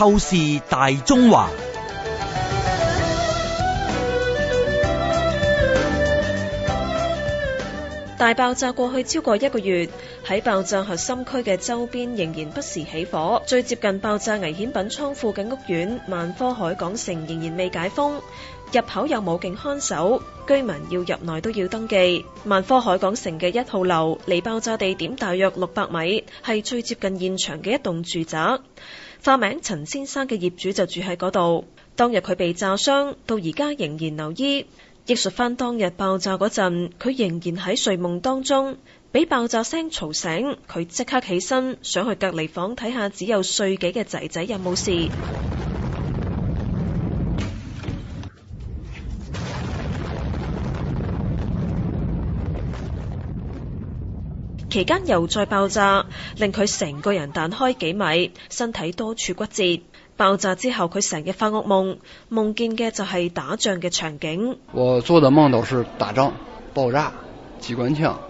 透視大中華，大爆炸過去超過一個月，喺爆炸核心區嘅周邊仍然不時起火，最接近爆炸危險品倉庫嘅屋苑萬科海港城仍然未解封。入口有武警看守，居民要入內都要登記。萬科海港城嘅一號樓離爆炸地點大約六百米，係最接近現場嘅一棟住宅。化名陳先生嘅業主就住喺嗰度。當日佢被炸傷，到而家仍然留醫。憶述翻當日爆炸嗰陣，佢仍然喺睡夢當中，俾爆炸聲吵醒，佢即刻起身想去隔離房睇下只有歲幾嘅仔仔有冇事。期間又再爆炸，令佢成個人彈開幾米，身體多處骨折。爆炸之後，佢成日發噩夢，夢見嘅就係打仗嘅場景。我做的夢都是打仗、爆炸、機關槍。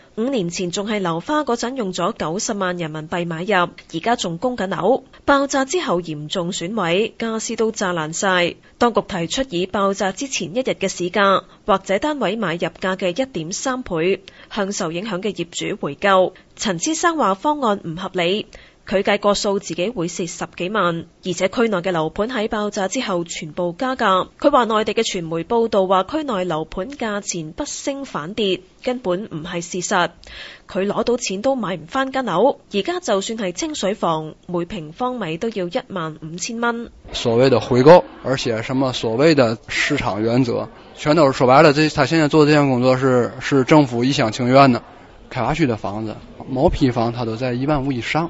五年前仲係樓花嗰陣，用咗九十萬人民幣買入，而家仲供緊樓。爆炸之後嚴重損毀，家私都炸爛晒。當局提出以爆炸之前一日嘅市價或者單位買入價嘅一點三倍，向受影響嘅業主回購。陳先生話方案唔合理。佢計過數自己會蝕十幾萬，而且區內嘅樓盤喺爆炸之後全部加價。佢話內地嘅傳媒報道話區內樓盤價錢不升反跌，根本唔係事實。佢攞到錢都買唔翻間樓，而家就算係清水房，每平方米都要一萬五千蚊。所謂的回購，而且什麼所謂的市場原則，全都是說白了，這他現在做這項工作是是政府一廂情願的。開發區的房子毛坯房，他都在一萬五以上。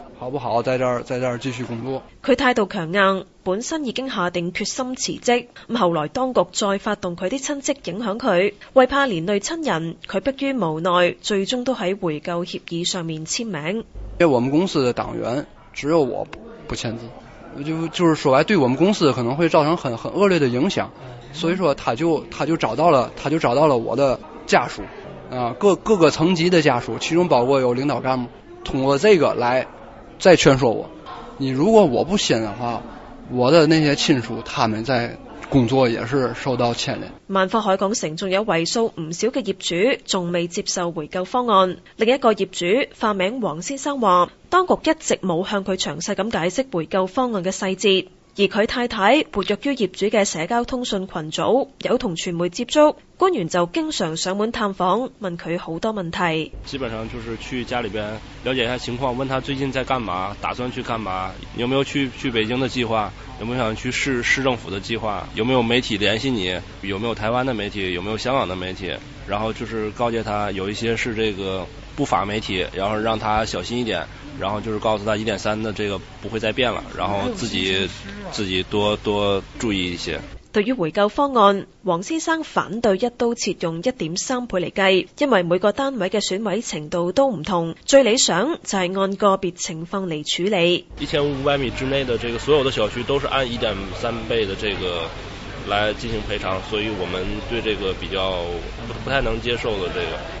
好不好？在這兒，在這兒繼續工作。他態度強硬，本身已經下定決心辭職。後來當局再發動佢啲親戚影響，佢，為怕連累親人，佢迫於無奈，最終都喺回購協議上面簽名。因為我們公司的黨員只有我不簽字，就就是說，來對我們公司可能會造成很很惡劣的影響。所以說，他就他就找到了他就找到了我的家屬啊各各個層級的家屬，其中包括有領導幹部，通過這個來。再勸說我，你如果我不信的話，我的那些親屬他們，在工作也是受到牽連。萬科海港城仲有為數唔少嘅業主仲未接受回購方案。另一個業主化名黃先生話，當局一直冇向佢詳細咁解釋回購方案嘅細節。而佢太太活躍於業主嘅社交通訊群組，有同傳媒接觸，官員就經常上門探訪，問佢好多問題。基本上就是去家裏邊了解一下情況，問他最近在幹嘛，打算去幹嘛，你有沒有去去北京的計劃，有沒有想去市市政府的計劃，有沒有媒體聯繫你，有沒有台灣的媒體，有沒有香港的媒體，然後就是告誡他，有一些是這個。不法媒體，然後讓他小心一點，然後就是告訴他一點三的這個不會再變了，然後自己自己多多注意一些。對於回購方案，王先生反對一刀切用一點三倍嚟計，因為每個單位的損毀程度都唔同，最理想就係按個別情況嚟處理。一千五百米之內的這個所有的小區都是按一點三倍的這個來進行賠償，所以我們對這個比較不太能接受的這個。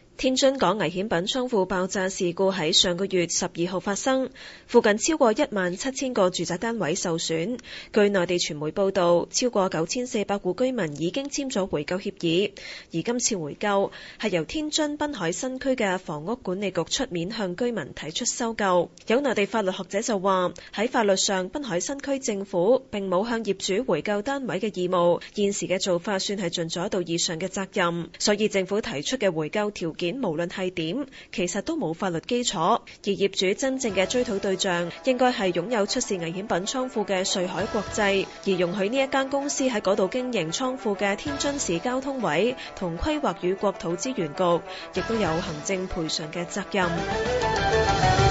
天津港危險品倉庫爆炸事故喺上個月十二號發生，附近超過一萬七千個住宅單位受損。據內地傳媒報道，超過九千四百戶居民已經簽咗回購協議。而今次回購係由天津濱海新區嘅房屋管理局出面向居民提出收購。有內地法律學者就話：喺法律上，濱海新區政府並冇向業主回購單位嘅義務，現時嘅做法算係盡咗道義上嘅責任。所以政府提出嘅回購條件，無論係點，其實都冇法律基礎，而業主真正嘅追討對象，應該係擁有出事危險品倉庫嘅瑞海國際，而容許呢一間公司喺嗰度經營倉庫嘅天津市交通委同規劃與國土資源局，亦都有行政賠償嘅責任。